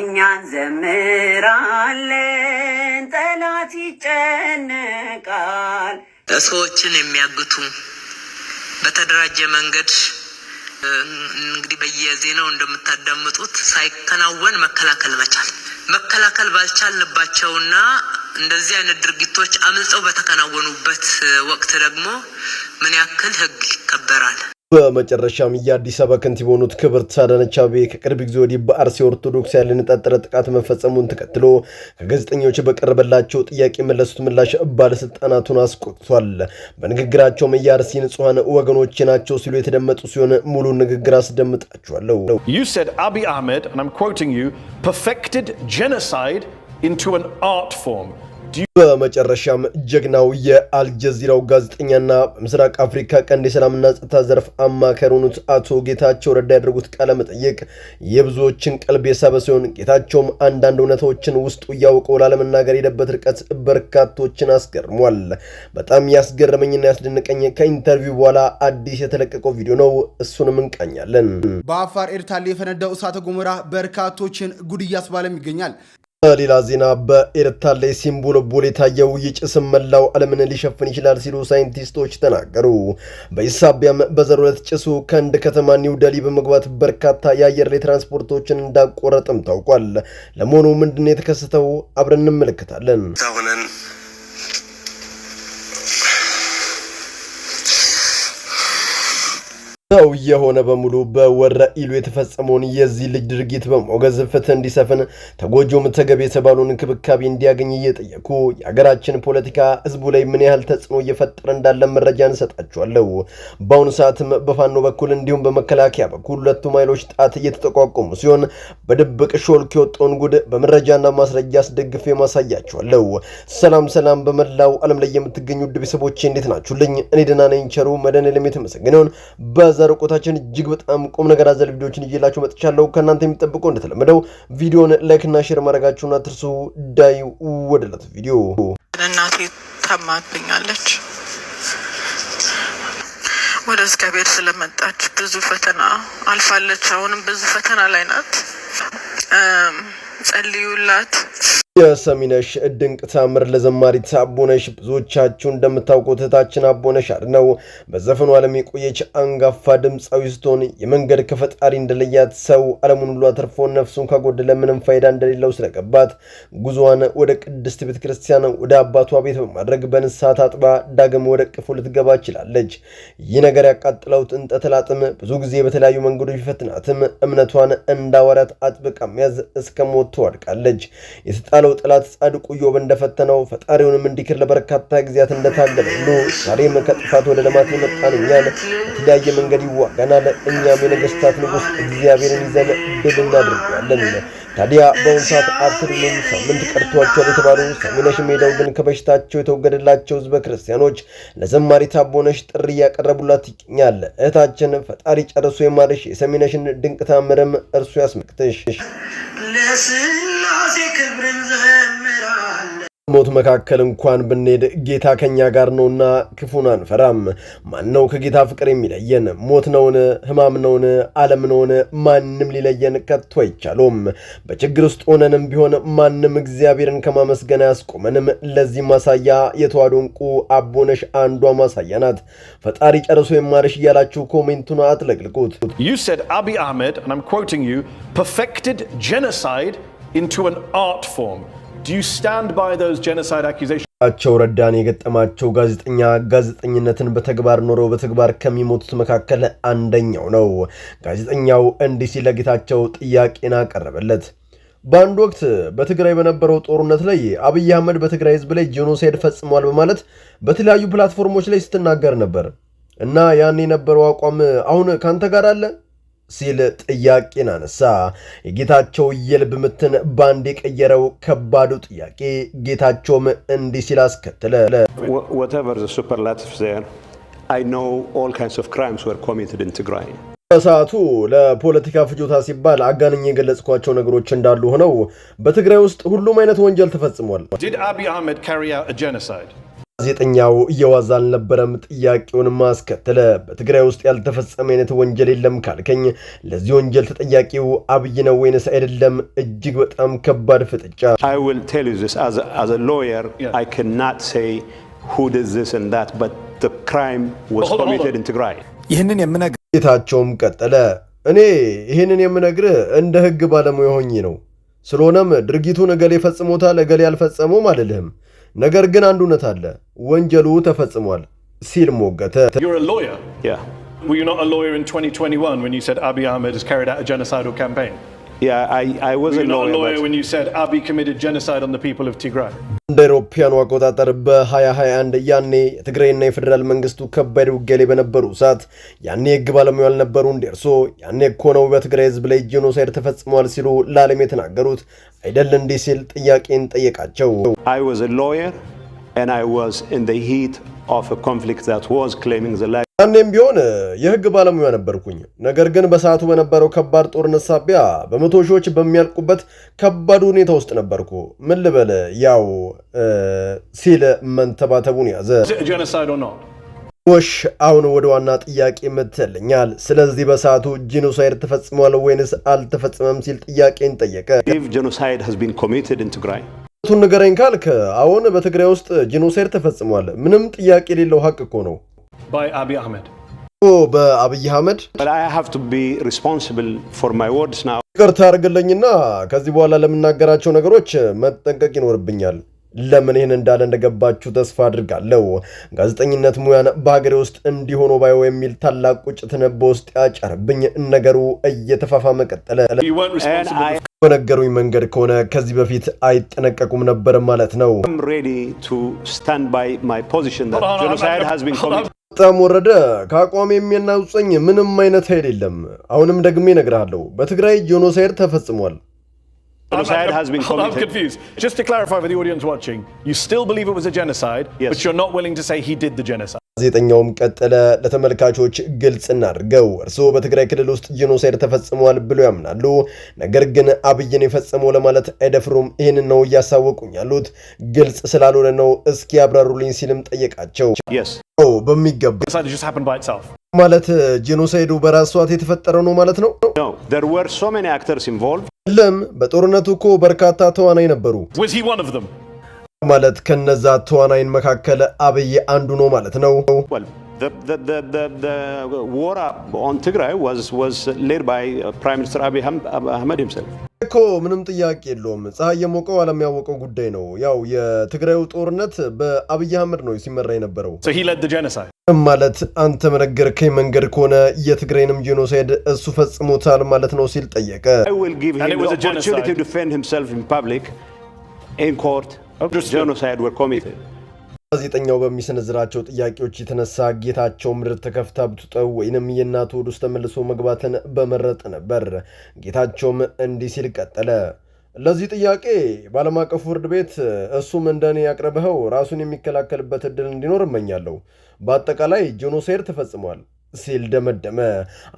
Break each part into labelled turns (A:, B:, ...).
A: እኛን ዘምራለን ጠላት ይጨነቃል።
B: ሰዎችን የሚያግቱ በተደራጀ መንገድ እንግዲህ በየዜናው እንደምታዳምጡት ሳይከናወን መከላከል መቻል መከላከል ባልቻልንባቸውና እንደዚህ አይነት ድርጊቶች አምልጠው በተከናወኑበት ወቅት ደግሞ ምን ያክል ሕግ ይከበራል?
C: በመጨረሻም የአዲስ አበባ ከንቲባ የሆኑት ክብርት አዳነች አቤቤ ከቅርብ ጊዜ ወዲህ በአርሲ ኦርቶዶክስ ያለ ነጣጠረ ጥቃት መፈጸሙን ተከትሎ ከጋዜጠኞች በቀረበላቸው ጥያቄ መለሱት ምላሽ ባለስልጣናቱን አስቆጥቷል። በንግግራቸውም የአርሲ ንጹሐን ወገኖች ናቸው ሲሉ የተደመጡ ሲሆን ሙሉ ንግግር አስደምጣችኋለሁ።
D: You said Abiy Ahmed, and I'm quoting you, perfected genocide ዲዩ
C: በመጨረሻም ጀግናው የአልጀዚራው ጋዜጠኛና በምስራቅ አፍሪካ ቀንድ የሰላምና ጸጥታ ዘርፍ አማካሪ የሆኑት አቶ ጌታቸው ረዳ ያደረጉት ቃለ መጠይቅ የብዙዎችን ቀልብ የሳበ ሲሆን ጌታቸውም አንዳንድ እውነታዎችን ውስጡ እያወቀው ላለመናገር የሄደበት ርቀት በርካቶችን አስገርሟል። በጣም ያስገረመኝና ያስደነቀኝ ከኢንተርቪው በኋላ አዲስ የተለቀቀው ቪዲዮ ነው። እሱንም እንቃኛለን።
E: በአፋር ኤርታሌ የፈነዳው እሳተ ገሞራ በርካቶችን ጉድ እያስባለም ይገኛል።
C: በሌላ ዜና በኤርትራ ላይ ሲንቦለቦል የታየው የጭስ መላው ዓለምን ሊሸፍን ይችላል ሲሉ ሳይንቲስቶች ተናገሩ። በኢሳቢያም በዘሮ ዕለት ጭሱ ከህንድ ከተማ ኒው ደሊ በመግባት በርካታ የአየር ላይ ትራንስፖርቶችን እንዳቆረጥም ታውቋል። ለመሆኑ ምንድን ነው የተከሰተው? አብረን እንመለከታለን። ሰው የሆነ በሙሉ በወረ ኢሉ የተፈጸመውን የዚህ ልጅ ድርጊት በሞገዝ ፍትህ እንዲሰፍን ተጎጂውም ተገቢ የተባለውን እንክብካቤ እንዲያገኝ እየጠየኩ የሀገራችን ፖለቲካ ህዝቡ ላይ ምን ያህል ተጽዕኖ እየፈጠረ እንዳለ መረጃ እንሰጣችኋለሁ። በአሁኑ ሰዓትም በፋኖ በኩል እንዲሁም በመከላከያ በኩል ሁለቱም ኃይሎች ጣት እየተጠቋቆሙ ሲሆን በድብቅ ሾልክ የወጣውን ጉድ በመረጃና ማስረጃ አስደግፌ ማሳያችኋለሁ። ሰላም ሰላም፣ በመላው ዓለም ላይ የምትገኙ ውድ ቤተሰቦቼ እንዴት ናችሁልኝ? እኔ ደህና ነኝ። ቸሩ መድኃኔዓለም የተመሰገነውን በዛ በዛሬው ቆይታችን እጅግ በጣም ቁም ነገር አዘል ቪዲዮችን እየላችሁ መጥቻለሁ። ከእናንተ የሚጠብቀው እንደተለመደው ቪዲዮን ላይክና ሼር ማድረጋችሁን አትርሱ። ዳይ ወደለት ቪዲዮ
B: እናቴ ታማብኛለች። ወደ እግዚአብሔር ስለመጣች ብዙ ፈተና አልፋለች። አሁንም ብዙ ፈተና ላይ ናት።
C: ጸልዩላት። የሰሚነሽ ድንቅ ታምር ለዘማሪት አቦነሽ ብዙዎቻችሁ እንደምታውቁት እህታችን አቦነሽ አድነው በዘፈኑ ዓለም የቆየች አንጋፋ ድምፃዊ ስትሆን የመንገድ ከፈጣሪ እንደለያት ሰው ዓለሙን ሁሉ አትርፎ ነፍሱን ካጎደለ ምንም ፋይዳ እንደሌለው ስለገባት ጉዞዋን ወደ ቅድስት ቤተ ክርስቲያን ወደ አባቷ ቤት በማድረግ በንስሐ ታጥባ ዳግም ወደ ቅፉ ልትገባ ችላለች። ይህ ነገር ያቃጥለው ጥንጠት ላጥም ብዙ ጊዜ በተለያዩ መንገዶች ይፈትናትም እምነቷን እንዳወራት አጥብቃ መያዝ እስከ ሞት ትወድቃለች። ያለው ጠላት ጻድቁ ኢዮብ እንደፈተነው ፈጣሪውንም እንዲክር ለበርካታ ጊዜያት እንደታገለ ሁሉ ዛሬም ከጥፋት ወደ ልማት የመጣን እኛን በተለያየ መንገድ ይዋጋናል። እኛም የነገሥታት ንጉሥ እግዚአብሔርን ይዘን ድል እናድርገዋለን። ታዲያ በአሁኑ ሰዓት አትድኑም፣ ሳምንት ቀርቷቸዋል የተባሉ ሰሚነሽ ሜዳው ግን ከበሽታቸው የተወገደላቸው ህዝበ ክርስቲያኖች ለዘማሪ ታቦነሽ ጥሪ እያቀረቡላት ይገኛል። እህታችን ፈጣሪ ጨርሶ የማለሽ የሰሚነሽን ድንቅ ታምርም እርሱ ያስመክትሽ። ለስላሴ ክብር ሞት መካከል እንኳን ብንሄድ ጌታ ከኛ ጋር ነውና ክፉን አንፈራም። ማን ነው ከጌታ ፍቅር የሚለየን? ሞት ነውን? ህማም ነውን? ዓለም ነውን? ማንም ሊለየን ከቶ አይቻሉም። በችግር ውስጥ ሆነንም ቢሆን ማንም እግዚአብሔርን ከማመስገን አያስቆመንም። ለዚህ ማሳያ የተዋሕዶ ዕንቁ አቦነሽ አንዷ ማሳያ ናት። ፈጣሪ ጨርሶ የማርሽ እያላችሁ ኮሜንቱን አትለቅልቁት።
D: You said Abiy Ahmed, and I'm quoting
C: ቸው ረዳን የገጠማቸው ጋዜጠኛ ጋዜጠኝነትን በተግባር ኖረው በተግባር ከሚሞቱት መካከል አንደኛው ነው። ጋዜጠኛው እንዲህ ሲል ለጌታቸው ጥያቄን አቀረበለት። በአንድ ወቅት በትግራይ በነበረው ጦርነት ላይ አብይ አህመድ በትግራይ ህዝብ ላይ ጄኖሳይድ ፈጽሟል በማለት በተለያዩ ፕላትፎርሞች ላይ ስትናገር ነበር እና ያን የነበረው አቋም አሁን ካንተ ጋር አለ ሲል ጥያቄን አነሳ። የጌታቸው የልብ ምትን ባንድ የቀየረው ከባዱ ጥያቄ ጌታቸውም እንዲህ ሲል አስከተለ። በሰዓቱ ለፖለቲካ ፍጆታ ሲባል አጋንኝ የገለጽኳቸው ነገሮች እንዳሉ ሆነው በትግራይ ውስጥ ሁሉም አይነት ወንጀል ተፈጽሟል። ጋዜጠኛው እየዋዛ አልነበረም። ጥያቄውን ማስከትለ በትግራይ ውስጥ ያልተፈጸመ አይነት ወንጀል የለም ካልከኝ ለዚህ ወንጀል ተጠያቂው አብይ ነው ወይንስ አይደለም? እጅግ በጣም ከባድ ፍጥጫ። ጌታቸውም ቀጠለ፣ እኔ ይህንን የምነግርህ እንደ ህግ ባለሙያ ሆኜ ነው። ስለሆነም ድርጊቱን እገሌ ፈጽሞታል እገሌ አልፈጸመውም አልልህም። ነገር ግን አንድ እውነት አለ፣ ወንጀሉ ተፈጽሟል ሲል ሞገተ። እንደ አውሮፓውያኑ አቆጣጠር በ2021 ያኔ የትግራይና የፌዴራል መንግስቱ ከባድ ውጊያ ላይ በነበሩ ሰዓት ያኔ የህግ ባለሙያ ያልነበሩ እንደርሶ ያኔ እኮ ነው በትግራይ ህዝብ ላይ ጄኖሳይድ ተፈጽመዋል ሲሉ ለዓለም የተናገሩት አይደል? እንዲህ ሲል ጥያቄን ጠየቃቸው። ያኔም ቢሆን የህግ ባለሙያ ነበርኩኝ። ነገር ግን በሰዓቱ በነበረው ከባድ ጦርነት ሳቢያ በመቶ ሺዎች በሚያልቁበት ከባድ ሁኔታ ውስጥ ነበርኩ። ምን ልበል ያው ሲል መንተባተቡን ያዘ። ወሽ አሁን ወደ ዋና ጥያቄ ምትልኛል። ስለዚህ በሰዓቱ ጄኖሳይድ ተፈጽሟል ወይንስ አልተፈጽመም ሲል ጥያቄን ጠየቀ። ቱን ንገረኝ ካልክ አሁን በትግራይ ውስጥ ጂኖሳይድ ተፈጽሟል። ምንም ጥያቄ የሌለው ሀቅ እኮ ነው። አህመድ በአብይ አህመድ ይቅርታ አድርግልኝና ከዚህ በኋላ ለምናገራቸው ነገሮች መጠንቀቅ ይኖርብኛል። ለምን ይህን እንዳለ እንደገባችሁ ተስፋ አድርጋለሁ። ጋዜጠኝነት ሙያን በሀገሬ ውስጥ እንዲሆኑ ባየው የሚል ታላቅ ቁጭትን በውስጥ ያጨርብኝ ነገሩ እየተፋፋመ ቀጠለ። በነገሩኝ መንገድ ከሆነ ከዚህ በፊት አይጠነቀቁም ነበር ማለት ነው። በጣም ወረደ ከአቋም የሚያናውፀኝ ምንም አይነት ኃይል የለም። አሁንም ደግሜ እነግርሃለሁ፣ በትግራይ ጄኖሳይድ ተፈጽሟል።
D: But I'm, Assad I'm, has been I'm confused. Just to clarify for the audience watching, you still believe it was a genocide, yes. but you're not willing to say he did the genocide.
C: ጋዜጠኛውም ቀጠለ። ለተመልካቾች ግልጽ እናድርገው፣ እርስዎ በትግራይ ክልል ውስጥ ተፈጽሟል ብሎ ያምናሉ። ነገር ግን አብይን የፈጸመው ለማለት አይደፍሩም። ይህንን ነው እያሳወቁኝ ያሉት፣ ግልጽ ስላልሆነ ነው። እስኪ ሲልም ጠየቃቸው። በሚገባ ማለት ጄኖሳይዱ በራሷት የተፈጠረ የተፈጠረው ነው ማለት ነው። ለም በጦርነቱ እኮ በርካታ ተዋናይ ነበሩ ማለት ከነዛ ተዋናይን መካከል አብይ አንዱ ነው ማለት ነው። እኮ ምንም ጥያቄ የለውም። ፀሐይ የሞቀው ዓለም ያወቀው ጉዳይ ነው። ያው የትግራዩ ጦርነት በአብይ አህመድ ነው ሲመራ የነበረው ማለት አንተ መነገርከኝ መንገድ ከሆነ የትግራይንም ጄኖሳይድ እሱ ፈጽሞታል ማለት ነው ሲል ጠየቀ። ጄኖሳይድ ጋዜጠኛው በሚሰነዝራቸው ጥያቄዎች የተነሳ ጌታቸው ምድር ተከፍታ ብትውጠው ወይንም የእናቱ ሆድ ውስጥ ተመልሶ መግባትን በመረጠ ነበር። ጌታቸውም እንዲህ ሲል ቀጠለ። ለዚህ ጥያቄ በዓለም አቀፉ ፍርድ ቤት እሱም እንደ እኔ ያቅረበኸው ራሱን የሚከላከልበት እድል እንዲኖር እመኛለሁ። በአጠቃላይ ጄኖሳይድ ተፈጽሟል። ሲል ደመደመ።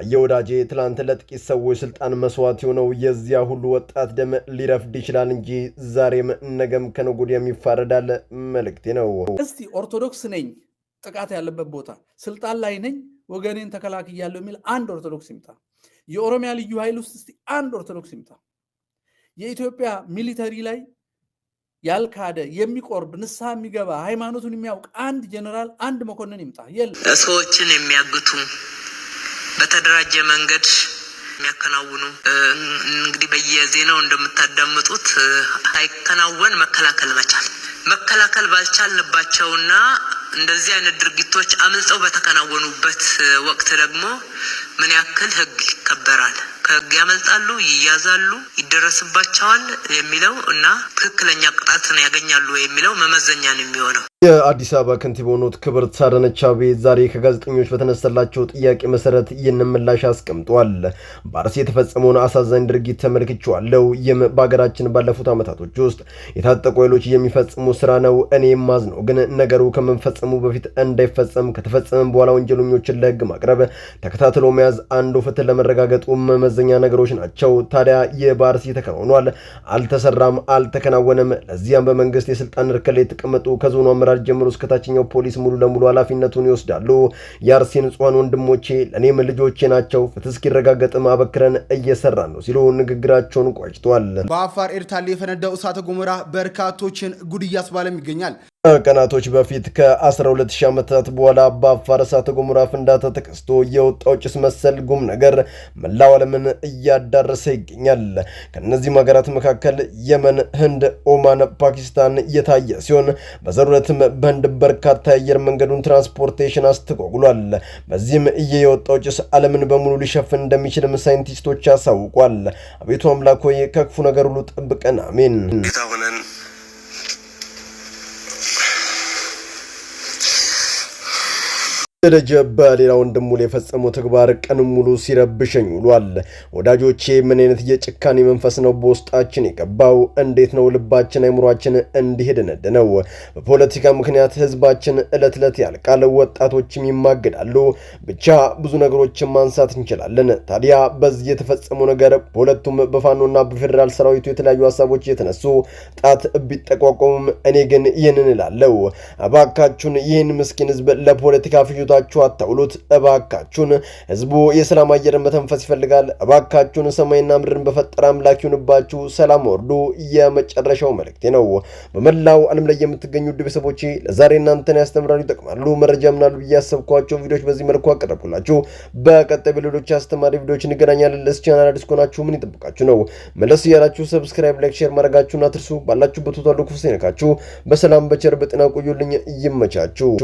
C: አየ ትላንት ለጥቂት ሰዎች ስልጣን መስዋዕት የሆነው የዚያ ሁሉ ወጣት ደም ሊረፍድ ይችላል እንጂ ዛሬም ነገም ከነጎድ የሚፋረዳል መልእክቴ ነው።
E: እስቲ ኦርቶዶክስ ነኝ፣ ጥቃት ያለበት ቦታ ስልጣን ላይ ነኝ፣ ወገኔን ተከላክያለሁ የሚል አንድ ኦርቶዶክስ ይምጣ። የኦሮሚያ ልዩ ኃይል ውስጥ እስቲ አንድ ኦርቶዶክስ ይምጣ። የኢትዮጵያ ሚሊተሪ ላይ ያልካደ የሚቆርብ ንስሐ የሚገባ ሃይማኖቱን የሚያውቅ አንድ ጀኔራል አንድ መኮንን ይምጣ። የለም
B: ሰዎችን የሚያግቱ በተደራጀ መንገድ የሚያከናውኑ እንግዲህ በየዜናው እንደምታዳምጡት አይከናወን መከላከል መቻል መከላከል ባልቻልንባቸውና እንደዚህ አይነት ድርጊቶች አምልጠው በተከናወኑበት ወቅት ደግሞ ምን ያክል ህግ ይከበራል? ከህግ ያመልጣሉ፣ ይያዛሉ፣ ይደረስባቸዋል የሚለው እና ትክክለኛ ቅጣትን ያገኛሉ የሚለው መመዘኛ ነው የሚሆነው።
C: የአዲስ አበባ ከንቲባ የሆኑት ክብርት አዳነች አቤቤ ዛሬ ከጋዜጠኞች በተነሳላቸው ጥያቄ መሰረት ይህን ምላሽ አስቀምጧል። በአርሲ የተፈጸመውን አሳዛኝ ድርጊት ተመልክቼዋለሁ። ይህም በሀገራችን ባለፉት ዓመታቶች ውስጥ የታጠቁ ኃይሎች የሚፈጽሙ ስራ ነው። እኔ የማዝነው ግን ነገሩ ከመፈጸሙ በፊት እንዳይፈጸም፣ ከተፈጸመም በኋላ ወንጀለኞችን ለህግ ማቅረብ፣ ተከታትሎ መያዝ አንዱ ፍትህ ለመረጋገጡ መመዘኛ ነገሮች ናቸው። ታዲያ ይህ በአርሲ ተከናውኗል፣ አልተሰራም፣ አልተከናወነም። ለዚያም በመንግስት የስልጣን እርከን ላይ የተቀመጡ ከዞኑ ከአመራር ጀምሮ እስከ ታችኛው ፖሊስ ሙሉ ለሙሉ ኃላፊነቱን ይወስዳሉ። የአርሲ ንጹሐን ወንድሞቼ ለእኔም ልጆቼ ናቸው። ፍትህ እስኪረጋገጥም አበክረን እየሰራ ነው ሲሉ ንግግራቸውን ቋጭቷል።
E: በአፋር ኤርታሌ የፈነዳው እሳተ ገሞራ በርካቶችን ጉድ እያስባለም ይገኛል።
C: ከቀናቶች በፊት ከ12000 ዓመታት በኋላ በአፋር እሳተ ገሞራ ፍንዳታ ተከስቶ የወጣው ጭስ መሰል ጉም ነገር መላው ዓለምን እያዳረሰ ይገኛል። ከእነዚህም ሀገራት መካከል የመን፣ ህንድ፣ ኦማን፣ ፓኪስታን እየታየ ሲሆን በዘሩለትም በህንድ በርካታ የአየር መንገዱን ትራንስፖርቴሽን አስተጓጉሏል። በዚህም የወጣው ጭስ ዓለምን በሙሉ ሊሸፍን እንደሚችልም ሳይንቲስቶች አሳውቋል። አቤቱ አምላክ ሆይ ከክፉ ነገር ሁሉ ጠብቀን፣ አሜን። ደረጀ በሌላ ወንድሙ ላይ የፈጸመው ተግባር ቀን ሙሉ ሲረብሸኝ ውሏል። ወዳጆቼ ምን አይነት የጭካኔ መንፈስ ነው በውስጣችን የገባው? እንዴት ነው ልባችን አይምሯችን እንዲህ የደነደነው? በፖለቲካ ምክንያት ህዝባችን እለት እለት ያልቃል፣ ወጣቶችም ይማገዳሉ ብቻ ብዙ ነገሮችን ማንሳት እንችላለን። ታዲያ በዚህ የተፈጸመው ነገር በሁለቱም በፋኖና በፌዴራል ሰራዊቱ የተለያዩ ሀሳቦች እየተነሱ ጣት ቢጠቋቋሙም፣ እኔ ግን ይህንን እላለሁ፣ እባካችሁን ይህን ምስኪን ህዝብ ለፖለቲካ ፍጆታ ብላችሁ አታውሉት። እባካችሁን ህዝቡ የሰላም አየርን መተንፈስ ይፈልጋል። እባካችሁን ሰማይና ምድርን በፈጠረ አምላክ ይሁንባችሁ። ሰላም ወርዱ። የመጨረሻው መልእክቴ ነው። በመላው ዓለም ላይ የምትገኙ ውድ ቤተሰቦቼ ለዛሬ እናንተን ያስተምራሉ፣ ይጠቅማሉ፣ መረጃ ምናሉ ብዬ ያሰብኳቸው ቪዲዮዎች በዚህ መልኩ አቀረብኩላችሁ። በቀጣይ በሌሎች አስተማሪ ቪዲዮዎች እንገናኛለን። ለስ ቻናል አዲስ ከሆናችሁ ምን ይጠብቃችሁ ነው? መለስ እያላችሁ ሰብስክራይብ፣ ላይክ፣ ሼር ማድረጋችሁን አትርሱ። ባላችሁበት ቦታ ሁሉ ክፉ ሳይነካችሁ በሰላም በቸር በጤና ቆዩልኝ። ይመቻችሁ።